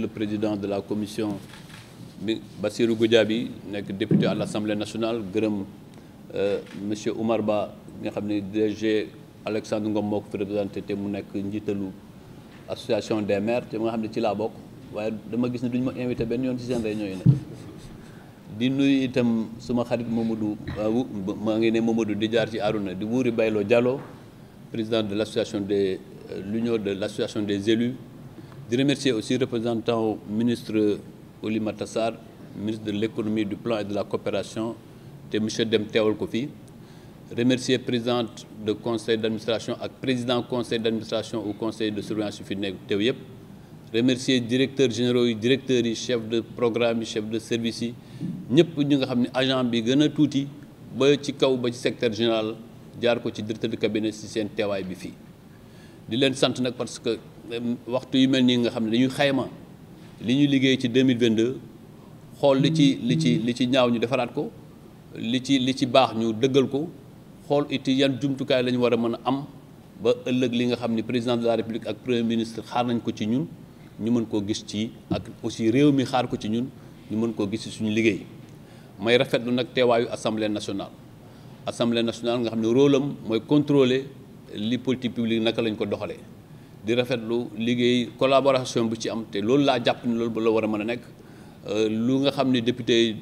Le président de la commission bi Bassirou Goudiaby nekk député à l'Assemblée nationale gërëm euh, monsieur Oumar Ba nga xam ne DG Alexandre Ngom moo ko fi représenté te mu nekk njiitalu association des maires te mu nga xam ne ci laa bokk waaye dama gis ne duñu ma invité benn yoon ci seen réunion yi nag di nuyu itam suma xarit Mamadou maa ngi ne Mamadou di jaar ci Arouna di wuuri bayloo Diallo président de l'association des euh, l'union de l'association des élus di remercier aussi représentant ministre Oulimata Sarr ministre de l'économie du plan et de la coopération te monsieur Dem teewal ko fii remercier présidente de conseil d'administration ak président conseil d'administration ou conseil de surveillance yu fi nekk teew yëpp remercier directeurs généraux yi directeurs yi chef de programme yi chef de service yi ñëpp ñu nga xam ni agent bi gën a tuuti ba ci kaw ba ci secteur jaar ko ci directeur de cabinet si seen teewaay bi fii di leen sant nag parce que waxtu yi mel nii nga xam ne dañuy xayma li ñu liggéey ci 2022 xool li ci li ci ci ñaaw ñu defaraat ko li ci li ci baax ñu dëggal ko xool it yan jumtukaay lañu war a mën a am ba ëllëg li nga xam ne président de la république ak premier ministre xaar nañ ko ci ñun ñu mën koo gis ci ak aussi réew mi xaar ko ci ñun ñu mën koo gis ci suñu liggéey may rafetlu nag teewaayu assemblée nationale. assemblée nationale nga xam ne rôle am mooy contrôler li politique publique naka lañu ko doxalee di rafetlu liggéey collaboration bu ci am te loolu laa jàpp ne loolu ba la war a mën a nekk euh, lu nga xam ne député yi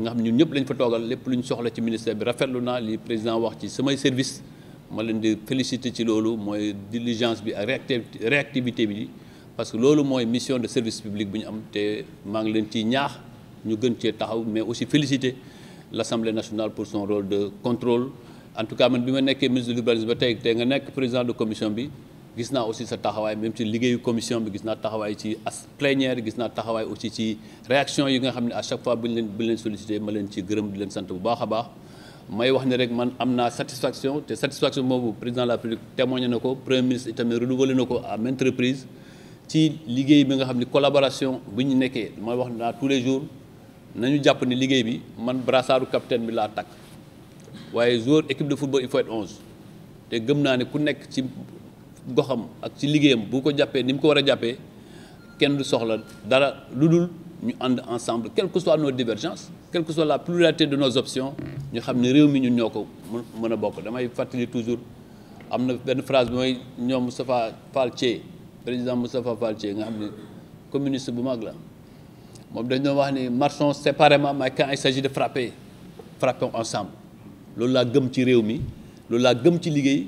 nga xam ñun ñëpp lañ fa toogal lépp lu ñu soxla ci ministère bi rafetlu naa li président wax ci samay service ma leen di féliciter ci loolu mooy diligence bi ak réactivité bi parce que loolu mooy mission de service public bu ñu am te maa ngi leen ciy ñaax ñu gën cee taxaw mais aussi féliciter l'Assemblée nationale pour son rôle de contrôle en tout cas man bi ma nekkee ministre de l'urbanisme ba tey tey nga nekk président de commission bi gis naa aussi sa taxawaay même ci liggéeyu commission bi gis naa taxawaay ci as plénière gis naa taxawaay aussi ci réaction yi nga xam ne à chaque fois bu ñu leen bu leen sollicité ma leen ci gërëm di leen sant bu baax a baax may wax ne rek man am naa satisfaction te satisfaction boobu président la République témoigné na ko premier ministre itamit liggéey bi nga xam ne collaboration bu ñu nekkee may wax naa tous les jours nañu jàpp ni liggéey bi man brassaaru capitaine bi laa takk waaye joueur équipe de football il faut être te gëm naa ne ku nekk ci goxam ak ci liggéeyam bu ko jàppee ni mu ko war a jàppee kenn du soxla dara lu dul ñu ànd ensemble quelles que soient nos divergences quelle soit la pluralité de nos options ñu xam ne réew mi ñun ñoo ko mën a bokk damay fàttali toujours am na benn phrase mooy ñoom Moustapha Fall Thié président Moustapha Fall Thié nga xam ne communiste bu mag la moom dañ doon wax ni marchons séparément mais quand il s'agit de frapper frappons ensemble loolu laa gëm ci réew mi loolu laa gëm ci liggéey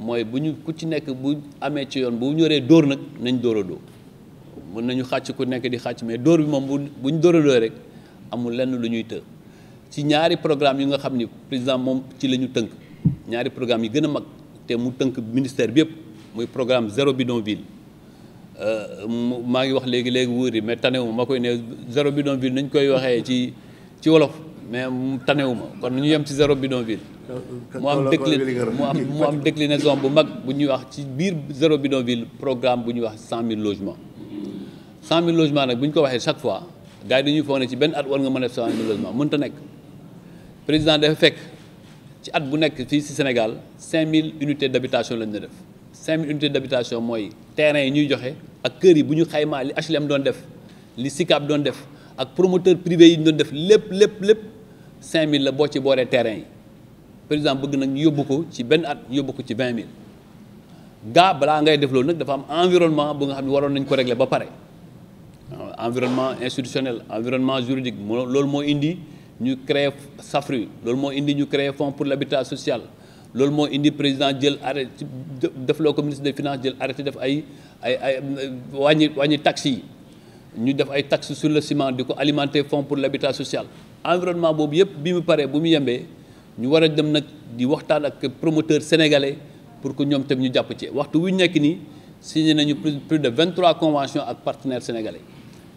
mooy bu ñu ku ci nekk bu amee ci yoon bu ñoree dóor nag nañ dóor a dóor mën nañu xàcc ku nekk di xàcc mais dóor bi moom bu bu ñu dóor a dóor rek amul lenn lu ñuy të ci ñaari programme yi nga xam ni président moom ci la ñu tënk ñaari programme yi gën a mag te mu tënk ministère bi yëpp muy programme zéro bidonville Euh, maa ngi wax léegi léegi wuuri mais tanewu ma koy ne zéro bidonville nañ koy waxee ci ci wolof mais tanewu kon nu ñu yem ci zéro bidonville. mu am déclin mu am mu am déclinaison bu mag bu ñuy wax ci biir zéro bidonville programme bu ñu wax cent mille logements. cent mille logements nag bu ñu ko waxee chaque fois gars yi ñu foog ne ci benn at war nga ma a def cent mille nekk président fekk ci at bu nekk fii ci Sénégal cinq mille unités d'habitation lañ la def. 5000 unités d'habitation mooy terrain yi ñuy joxe ak kër yi bu ñu xaymaa li HLM doon def li SICAP doon def ak promoteur privé yi ñu doon def lépp lépp lépp 5000 la boo ci booree terrain yi président bëgg nag ñu yóbbu ko ci benn at yóbbu ko ci 20000 gaa balaa ngay def loolu nag dafa am environnement bu nga xam ne waroon nañ ko régler ba pare environnement institutionnel environnement juridique moo loolu moo indi ñu créer SAFRU loolu moo indi ñu créer fonds pour l'habitat social loolu moo indi président jël arrête def loo ko ministre des finances jël arrêté def ay ay ay wàññi wàññi tax yi ñu def ay taxes sur le ciment di ko alimenter fonds pour l'habitat social environnement boobu yëpp bi mu paree bu mu yembee ñu war a dem nag di waxtaan ak promoteur sénégalais pour que ñoom tam ñu jàpp ci waxtu wu ñu nekk nii signé nañu plus de 23 conventions ak partenaires sénégalais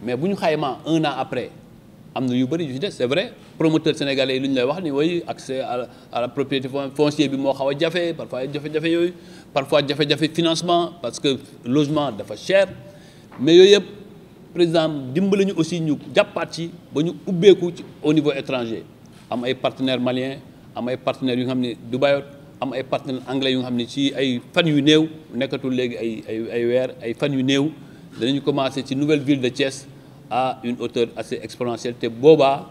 mais bu ñu xaymaa un an après am na yu bëri yu ci des c'est vrai promoteur sénégalais yi lu ñu lay wax ni way accès à la propriété foncière bi moo xaw a jafe parfois jafe-jafe yooyu parfois jafe-jafe financement parce que losement dafa cher mais yooyu yëpp président dimbali ñu aussi ñu jàppaat ci ba ñu ubbeeku ci au niveau étranger am ay partenaires malien am ay partenaires yu nga xam ne Dubaï am ay partenaires anglais yu nga xam ne ci ay fan yu néew nekkatul léegi ay ay ay weer ay fan yu néew danañu commencé ci nouvelle ville de Thiès. à une hauteur assez exponentielle te booba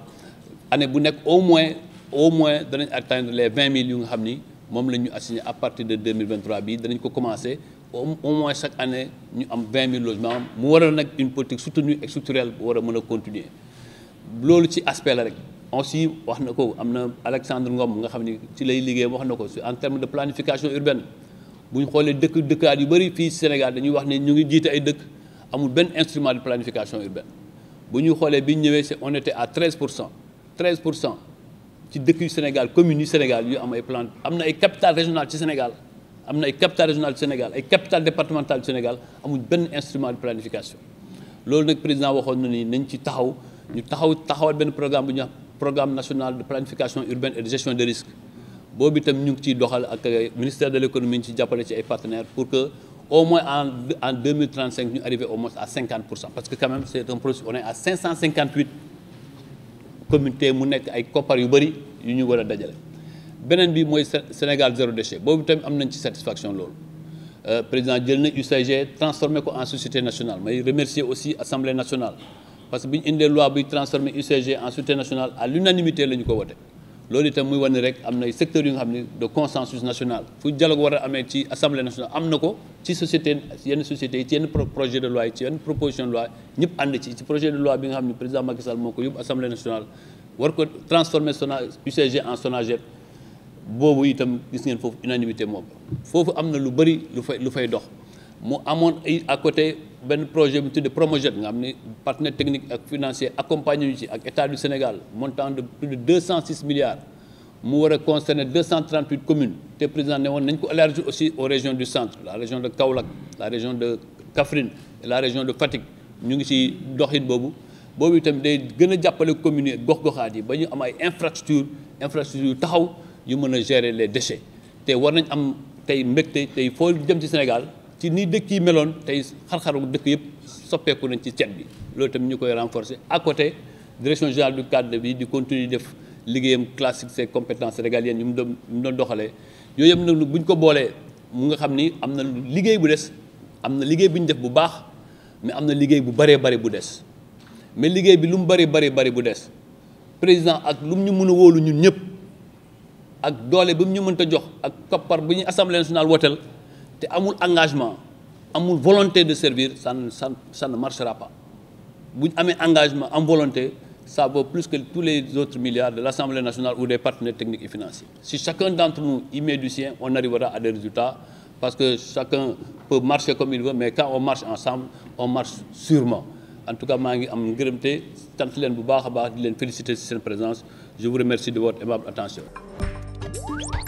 année bu nekk au moins au moins danañ atteindre les vingt mille yu nga xam ni moom la ñu assigné à partir de deux mille vingt trois bii danañ ko commencé au moins chaque année ñu am vingt mille logements mu waral nag une politique soutenue et structurelle bu war mën a continuer loolu ci aspect la rek. aussi wax na ko am na Alexandre Ngom nga xam ni ci lay liggéey wax na ko en terme de planification urbaine bu ñu xoolee dëkk dëkkaat yu bëri fii Sénégal dañuy wax ne ñu ngi jiite ay dëkk amul benn instrument de planification bu ñu xoolee bi ñu ñëwee c'est on était à 13 pour cent 13 pour cent ci dëkk yu Sénégal communes yu Sénégal yu am ay plan am na ay capitale régionale ci Sénégal am na ay capitale régionale ci Sénégal ay capitale départementale ci Sénégal amuñ benn instrument de planification loolu nag président waxoon na nii nañ ci taxaw ñu taxaw taxawal benn programme bu ñu programme national de planification urbaine et de gestion des risques boobu itam ñu ngi ciy doxal ak ministère de ci jàppale ci ay partenaires pour que au moins en en deux mille trente cinq ñu arrivé au moins à cinquante pour cent parce que quand même un processus on mu nekk ay koppar yu bëri yu ñu war a dajale. beneen bi mooy Sénégal zéro déchet boobu tamit am nañ ci satisfaction loolu euh, président jël na UCG transformé ko en société nationale may remercier aussi assemblée nationale parce que bi ñu indee loi buy transformé UCG en société nationale à l'unanimité la ñu ko wote loolu itam muy wane rek am na ay secteurs yu nga xam ne de consensus national fu dialogue war a amee ci assemblée nationale am na ko ci société yenn sociétés yi ci yenn projet de loi yi ci yenn proposition de loi ñëpp ànd ci ci projet de loi bi nga xam ne président Macky Sall moo ko yóbbu assemblée nationale war ko transformer sona UCG en SONAGED boobu itam gis ngeen foofu unanimité moom foofu am na lu bari lu fay lu fay dox mu amoon ay à benn projet bu tuddee Promojet nga am ne partenaire technique ak financier accompagné ak état du Sénégal montant de plus de 206 milliards mu war a concerner 238 communes te président ne woon nañ ko élargir aussi aux régions du centre la région de Kaolack la région de Kaffrine la région de Fatick ñu ngi ci doxin boobu boobu itam day gën a jàppale communes yi gox-goxaat yi ba ñu am ay infrastructure infrastructure yu taxaw yu mën a gérer les déchets te war nañ am tey mbégte tey foo jëm ci Sénégal ci ni dëkk yi meloon tey xar-xaru dëkk yëpp soppeeku nañ ci cet bi loolu tamit ñu koy renforcer à côté direction générale du cadre bi di continuer def liggéeyam classique ses compétences régaliennes yu mu doon mu doon doxalee yooyu yëpp nag bu ñu ko boolee mu nga xam ni am na liggéey bu des am na liggéey bu ñu def bu baax mais am na liggéey bu bëree bëri bu des mais liggéey bi lu mu bëree bëri bëri bu des président ak lu mu ñu mën a wóolu ñun ñëpp ak doole bi mu ñu mënta jox ak koppar bu ñuy assemblée nationale wotel te amul engagement amul volonté de servir ça ne ça, ça ne marchera pas bu ñu engagement am volonté ça vaut plus que tous les autres milliards de l'Assemblée nationale ou des partenaires techniques et financiers si chacun d'entre nous y met du sien on arrivera à des résultats parce que chacun peut marcher comme il veut mais quand on marche ensemble on marche sûrement en tout cas maa ngi am ngërëmte sant leen bu baax a baax di leen féliciter si seen présence je vous remercie de votre aimable attention